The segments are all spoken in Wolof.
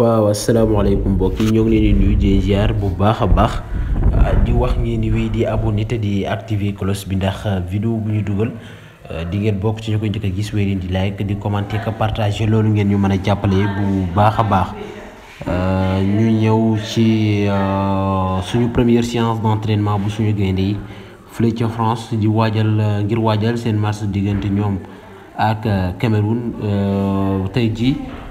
waaw asalaamaaleykum mbokk yi ñoo ngi leen di nuyu di ziar bu baax a baax ah, di wax ngeen ni wii di abonné te di activer cloche bi ndax ah, vidéo bu ñu dugal ah, di ngeen bokk ci ñu ko njëkk a gis wéy leen di like di commenter ko partager loolu ngeen ñu mën a jàppale bu baax a baax ñu ñëw ci suñu première séance d'entraînement bu suñu gaynde yi fële France di waajal ngir waajal seen match diggante ñoom ak Cameroun tey jii.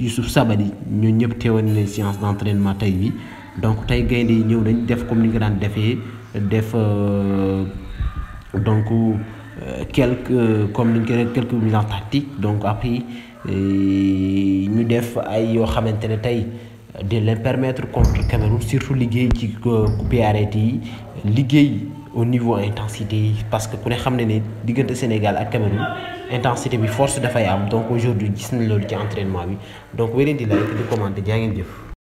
Youssouf Sabaly nous ñëpp teewoon les séance d'entraînement tay bi donc tey gaynde yi ñëw nañ def comme ni nga daan defee def euh, donc euh, quelque comme ni nga quelque en tactique donc après euh, ñu def ay yoo xamante ne de di permettre contre Cameroun surtout liggéey ci coupé arrêté yi au niveau intensité parce que ku ne xam ne Sénégal ak Cameroun intensité bi force dafay am donc aujourd'hui gis nañ loolu ci entraînement donc vous leen di like di commenter jaa